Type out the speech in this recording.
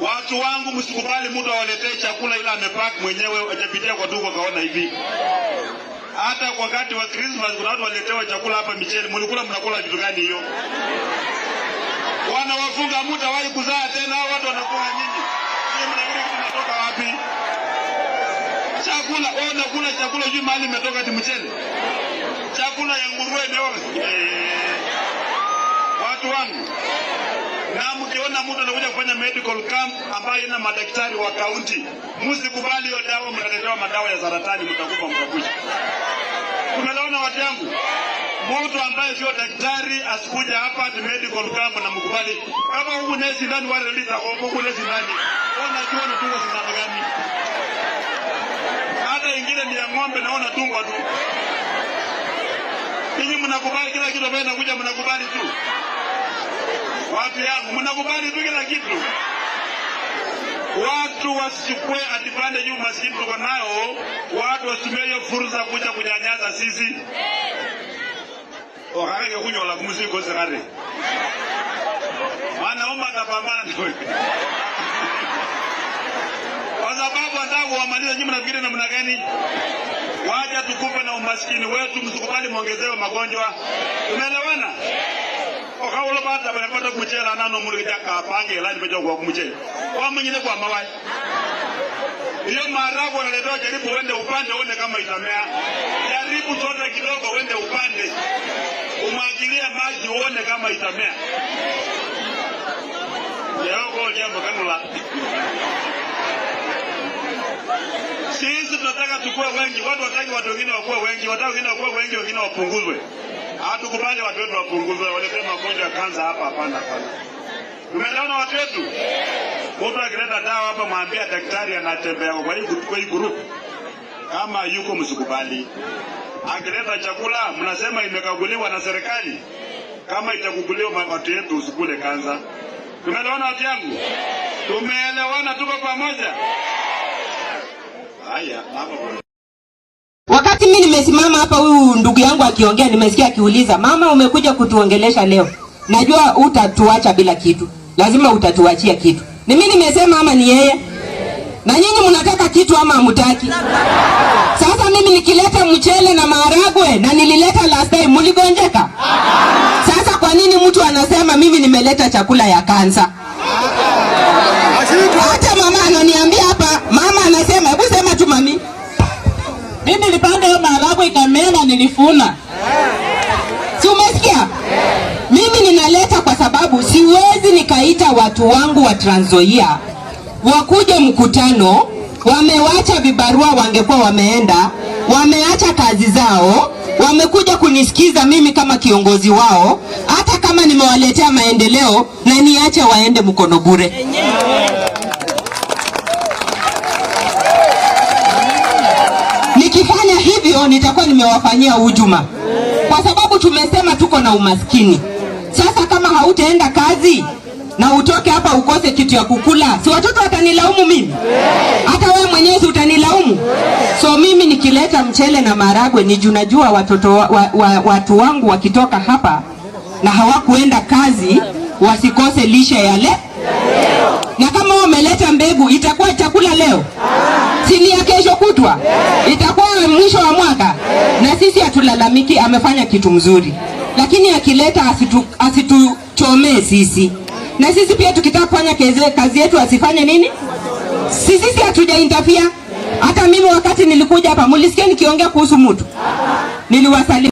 Watu wangu, msikubali mtu awaletee chakula ila amepaki mwenyewe, ajapitia kwa duka kaona hivi. Hata kwa wakati wa Christmas kuna watu waletewa chakula hapa michele, mlikula mnakula vitu gani hiyo? Wanawafunga mtu hawahi kuzaa tena, hao watu wanafunga nyinyi. Hiyo mnaona kitu kinatoka wapi? Chakula wao nakula chakula juu mahali imetoka ati mchele. Chakula ya nguruwe imeoka. Eh. Watu wangu na mkiona mtu anakuja kufanya medical camp ambayo ina madaktari wa kaunti, msikubali hiyo dawa, mtaletewa madawa ya saratani, mtakufa mtakuja. Tumeona watu yangu, mtu ambaye sio daktari asikuja hapa at medical camp na mkubali. Kama huku nesi ndani wale lisa huku nesi ndani, ni tungo sindano gani? Hata ingine ni ya ng'ombe, naona tungo tu. Ninyi mnakubali kila kitu ambacho nakuja, mnakubali tu. Watu yangu, mnakubali tu kila kitu. Watu wasichukue atipande juu masikini tuko nayo, watu wasitumie hiyo fursa kuja kunyanyaza sisi. Okareke oh, kunyola kumusiko sekare. Maana omba atapambana na Kwa sababu anataka kuwamaliza nyinyi mnafikiri namna gani? Waja tukupe na umaskini wetu, msikubali mwongezewe magonjwa. Tumeelewana? ta bana ko to kuche la na no muru ja ka pange la be jogo kumche kwa mnyine kwa mawai hiyo maharagwe wanaletewa, jaribu wende upande, wende kama itamea. Jaribu tone kidogo, wende upande, umwagilie maji, uone kama itamea. leo Yaoko jambo kanula sisi tunataka tukuwe wengi, watu wataki watu wengine wakuwe wengi, watu wengine wakuwe wengi, wengine wapunguzwe. Hatukubali watu wetu wapunguzwe, walete magonjwa ya kansa hapa. Hapana, hapana. Tumeelewana watu wetu? Mtu akileta dawa hapa, mwambia daktari anatembea kwa hii grupu, kama yuko msikubali. Akileta chakula mnasema imekaguliwa na serikali, kama itaguguliwa watu wetu usikule kansa. Tumeelewana watu yangu? Tumeelewana, tuko pamoja. Haya, hapo wakati mimi nimesimama hapa, huyu ndugu yangu akiongea, nimesikia akiuliza, mama, umekuja kutuongelesha leo, najua utatuacha bila kitu, lazima utatuachia kitu. Ni mimi nimesema ama ni yeye? Na nyinyi mnataka kitu ama hamtaki? Sasa mimi nikileta mchele na maharagwe na nilileta last time mligonjeka? Sasa kwa nini mtu anasema mimi nimeleta chakula ya kansa? hiyo maharagwe ikamena, nilifuna. Si umesikia? Mimi ninaleta kwa sababu siwezi nikaita watu wangu wa Trans wakuje mkutano, wamewacha vibarua, wangekuwa wameenda, wameacha kazi zao, wamekuja kunisikiza mimi kama kiongozi wao, hata kama nimewaletea maendeleo, na niache waende mkono bure. hiyo nitakuwa nimewafanyia hujuma, kwa sababu tumesema tuko na umaskini. Sasa kama hautaenda kazi na utoke hapa ukose kitu ya kukula, si watoto watanilaumu mimi? Hata wewe mwenyewe utanilaumu. So mimi nikileta mchele na maragwe ni juu najua watoto wa, wa, watu wangu wakitoka hapa na hawakuenda kazi wasikose lishe yale na kama wameleta mbegu itakuwa chakula leo ya kesho kutwa itakuwa mwisho wa mwaka, na sisi hatulalamiki, amefanya kitu mzuri, lakini akileta asitu, asituchomee sisi na sisi pia tukitaka kufanya kazi yetu asifanye nini? Si sisi hatuja interfere. Hata mimi wakati nilikuja hapa mulisikia nikiongea kuhusu mtu niliwasali